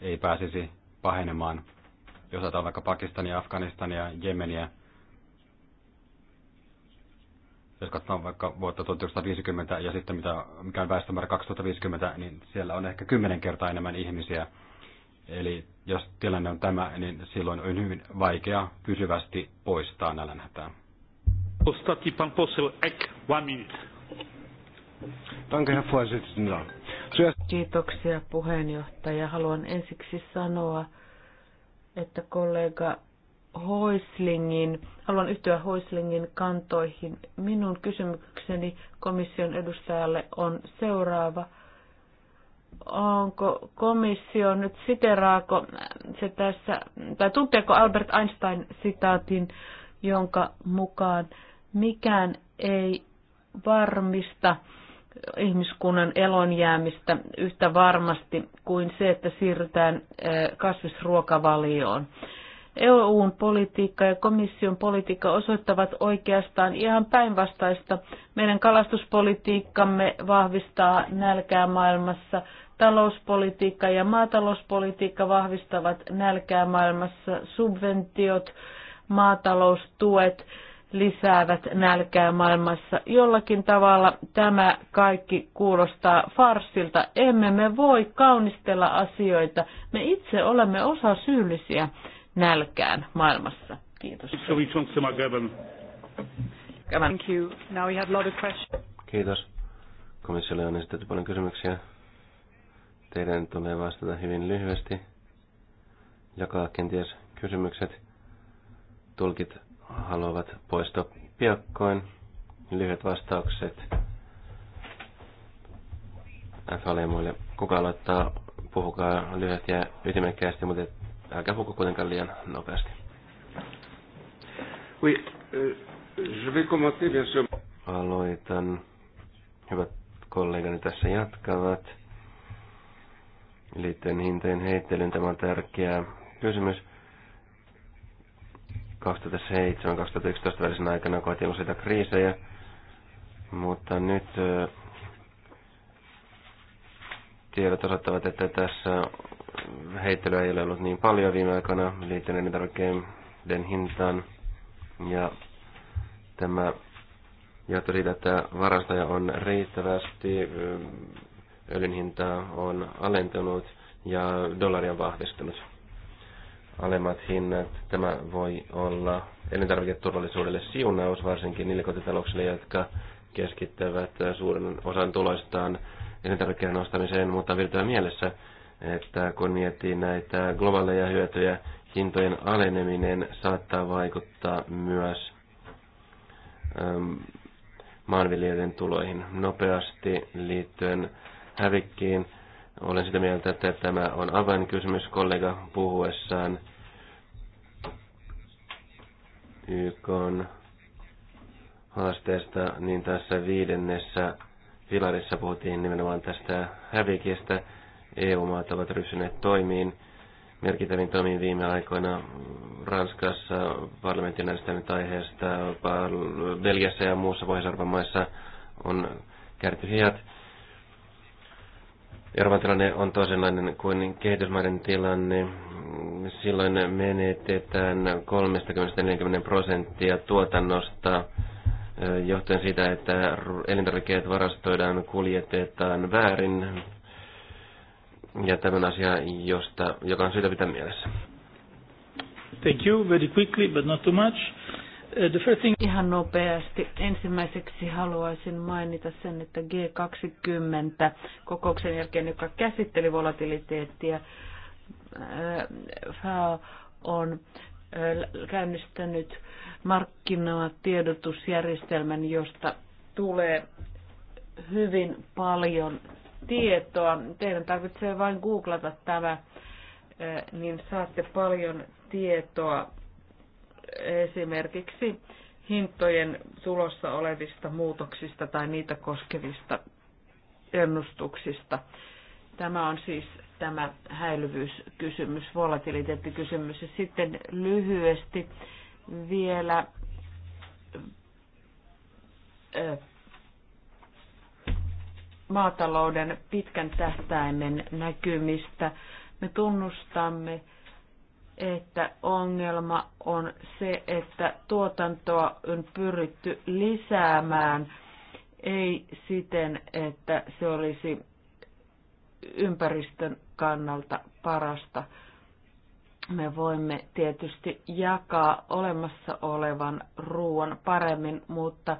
ei pääsisi pahenemaan. Jos ajatellaan vaikka Pakistania, Afganistania, Jemeniä, jos katsotaan vaikka vuotta 1950 ja sitten mitä, mikä on väestömäärä 2050, niin siellä on ehkä kymmenen kertaa enemmän ihmisiä. Eli jos tilanne on tämä, niin silloin on hyvin vaikea pysyvästi poistaa nälänhätää. Ostatti pan poseł Ek, one minute. Danke, Herr Vorsitzender. Kiitoksia puheenjohtaja. Haluan ensiksi sanoa, että kollega Hoislingin, haluan yhtyä Hoislingin kantoihin. Minun kysymykseni komission edustajalle on seuraava. Onko komissio nyt siteraako se tässä, tai tunteeko Albert Einstein sitaatin, jonka mukaan mikään ei varmista ihmiskunnan elonjäämistä yhtä varmasti kuin se, että siirrytään kasvisruokavalioon. EUn politiikka ja komission politiikka osoittavat oikeastaan ihan päinvastaista. Meidän kalastuspolitiikkamme vahvistaa nälkää maailmassa, talouspolitiikka ja maatalouspolitiikka vahvistavat nälkää maailmassa, subventiot, maataloustuet, lisäävät nälkää maailmassa. Jollakin tavalla tämä kaikki kuulostaa farsilta. Emme me voi kaunistella asioita. Me itse olemme osa syyllisiä nälkään maailmassa. Kiitos. Kiitos. Komissiolle on esitetty paljon kysymyksiä. Teidän tulee vastata hyvin lyhyesti. Jakaa kenties kysymykset. Tulkit haluavat poistua piakkoin. Lyhyet vastaukset FLMuille. Kuka aloittaa, puhukaa lyhyet ja ytimekkäästi, mutta älkää puhuko kuitenkaan liian nopeasti. Oui, euh, je vais commencer bien sûr. Aloitan. Hyvät kollegani tässä jatkavat. Liittyen hintojen heittelyyn tämä on tärkeä kysymys 2007-2011 välisen aikana koettiin useita kriisejä, mutta nyt tiedot osoittavat, että tässä heittelyä ei ole ollut niin paljon viime aikana liittyen elintarvikkeiden hintaan. Ja tämä johtui siitä, että varastoja on riittävästi, öljyn hinta on alentunut ja dollari on vahvistunut alemmat hinnat. Tämä voi olla elintarviketurvallisuudelle siunaus, varsinkin niille kotitalouksille, jotka keskittävät suuren osan tuloistaan elintarvikkeiden ostamiseen, mutta virtaa mielessä, että kun miettii näitä globaaleja hyötyjä, hintojen aleneminen saattaa vaikuttaa myös äm, maanviljelijöiden tuloihin nopeasti liittyen hävikkiin. Olen sitä mieltä, että tämä on avainkysymys kollega puhuessaan YK haasteesta, niin tässä viidennessä pilarissa puhuttiin nimenomaan tästä hävikistä. EU-maat ovat ryhtyneet toimiin merkittävin toimiin viime aikoina Ranskassa parlamentin äänestänyt aiheesta, Belgiassa ja muussa pohjois maissa on kärtyhijat. Euroopan tilanne on toisenlainen kuin kehitysmaiden tilanne. Silloin menetetään 30-40 prosenttia tuotannosta johtuen siitä, että elintarvikkeet varastoidaan, kuljetetaan väärin. Ja tämän asia, josta, joka on syytä pitää mielessä. Thank you very quickly, but not too much. Uh, the first thing... Ihan nopeasti. Ensimmäiseksi haluaisin mainita sen, että G20-kokouksen jälkeen, joka käsitteli volatiliteettia, äh, FAO on äh, käynnistänyt markkinatiedotusjärjestelmän, josta tulee hyvin paljon tietoa. Teidän tarvitsee vain googlata tämä, äh, niin saatte paljon tietoa esimerkiksi hintojen tulossa olevista muutoksista tai niitä koskevista ennustuksista. Tämä on siis tämä häilyvyyskysymys, volatiliteettikysymys. Ja sitten lyhyesti vielä maatalouden pitkän tähtäimen näkymistä. Me tunnustamme, että ongelma on se, että tuotantoa on pyritty lisäämään, ei siten, että se olisi ympäristön kannalta parasta. Me voimme tietysti jakaa olemassa olevan ruoan paremmin, mutta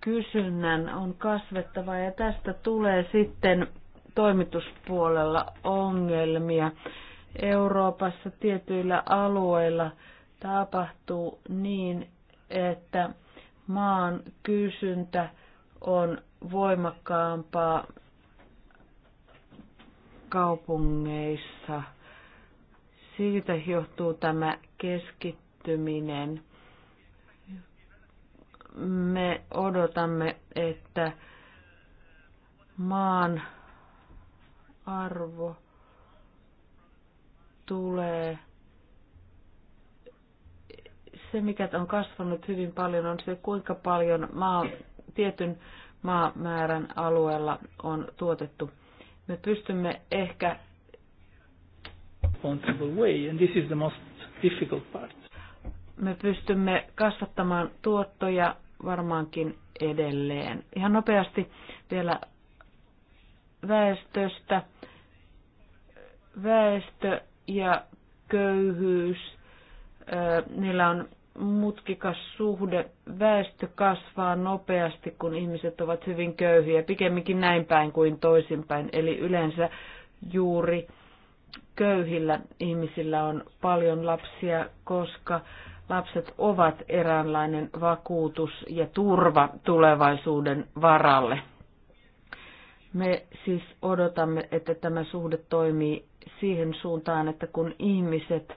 kysynnän on kasvettava ja tästä tulee sitten toimituspuolella ongelmia. Euroopassa tietyillä alueilla tapahtuu niin, että maan kysyntä on voimakkaampaa kaupungeissa. Siitä johtuu tämä keskittyminen. Me odotamme, että maan arvo tulee, se mikä on kasvanut hyvin paljon on se, kuinka paljon maa, tietyn maamäärän alueella on tuotettu. Me pystymme ehkä way, and this is the most difficult part. Me pystymme kasvattamaan tuottoja varmaankin edelleen. Ihan nopeasti vielä väestöstä. Väestö ja köyhyys, niillä on mutkikas suhde. Väestö kasvaa nopeasti, kun ihmiset ovat hyvin köyhiä, pikemminkin näin päin kuin toisinpäin. Eli yleensä juuri köyhillä ihmisillä on paljon lapsia, koska lapset ovat eräänlainen vakuutus ja turva tulevaisuuden varalle. Me siis odotamme, että tämä suhde toimii siihen suuntaan, että kun ihmiset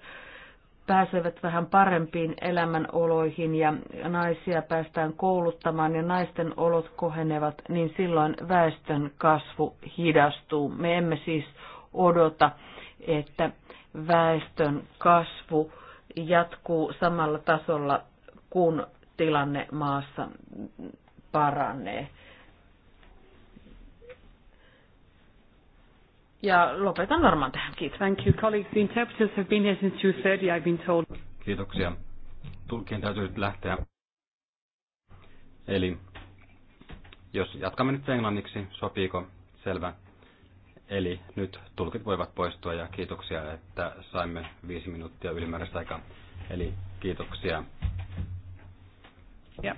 pääsevät vähän parempiin elämänoloihin ja naisia päästään kouluttamaan ja naisten olot kohenevat, niin silloin väestön kasvu hidastuu. Me emme siis odota, että väestön kasvu jatkuu samalla tasolla, kun tilanne maassa paranee. Ja lopetan varmaan tähän. Kiitos. Thank you, colleagues. The interpreters have been here since 2.30, I've been told. Kiitoksia. Tulkien täytyy nyt lähteä. Eli jos jatkamme nyt englanniksi, sopiiko? Selvä. Eli nyt tulkit voivat poistua ja kiitoksia, että saimme viisi minuuttia ylimääräistä aikaa. Eli kiitoksia. Yeah.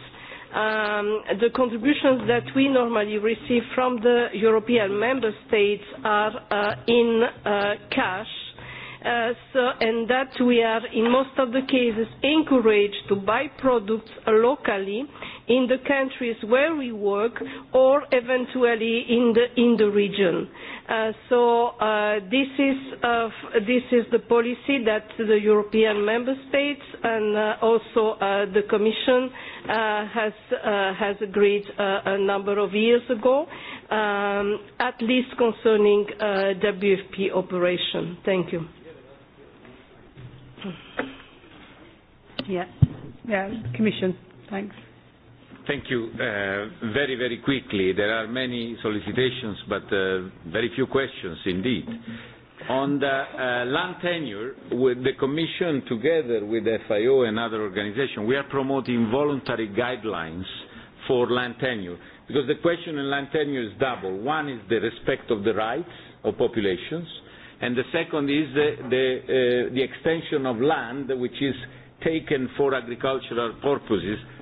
um, the contributions that we normally receive from the European member states are uh, in uh, cash. Uh, so, and that we are in most of the cases encouraged to buy products locally in the countries where we work or eventually in the, in the region. Uh, so uh, this, is, uh, this is the policy that the European member states and uh, also uh, the Commission uh, has, uh, has agreed uh, a number of years ago, um, at least concerning uh, WFP operation. Thank you. Yeah. Yeah, Commission. Thanks. Thank you. Uh, very, very quickly, there are many solicitations, but uh, very few questions indeed. On the uh, land tenure, with the Commission together with FIO and other organizations, we are promoting voluntary guidelines for land tenure. Because the question in land tenure is double. One is the respect of the rights of populations, and the second is the, the, uh, the extension of land which is taken for agricultural purposes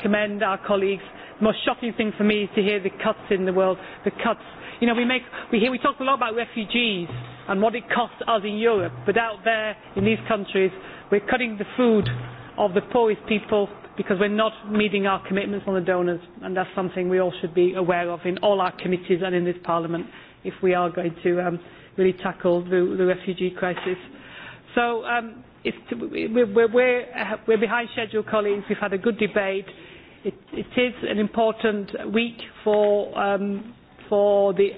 commend our colleagues. The most shocking thing for me is to hear the cuts in the world, the cuts. You know, we, make, we, hear, we talk a lot about refugees and what it costs us in Europe, but out there in these countries, we're cutting the food of the poorest people because we're not meeting our commitments on the donors, and that's something we all should be aware of in all our committees and in this Parliament if we are going to um, really tackle the, the refugee crisis. So um, it's to, we're, we're, we're behind schedule, colleagues. We've had a good debate. It, it is an important week for, um, for the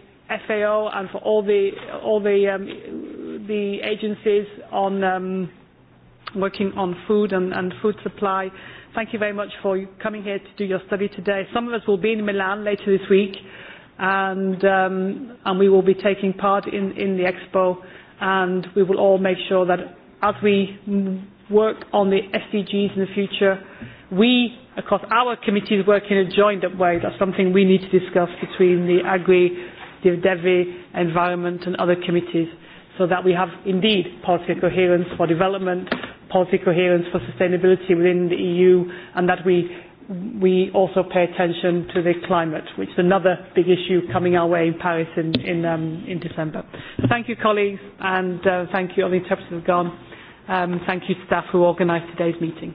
FAO and for all the, all the, um, the agencies on um, working on food and, and food supply. Thank you very much for coming here to do your study today. Some of us will be in Milan later this week, and, um, and we will be taking part in, in the expo, and we will all make sure that as we work on the SDGs in the future, we, across our committees, work in a joined-up way. That's something we need to discuss between the Agri, the DEVI, Environment and other committees so that we have indeed policy coherence for development, policy coherence for sustainability within the EU and that we, we also pay attention to the climate, which is another big issue coming our way in Paris in, in, um, in December. Thank you, colleagues, and uh, thank you. All the interpreters have gone. Um, thank you to staff who organised today's meeting.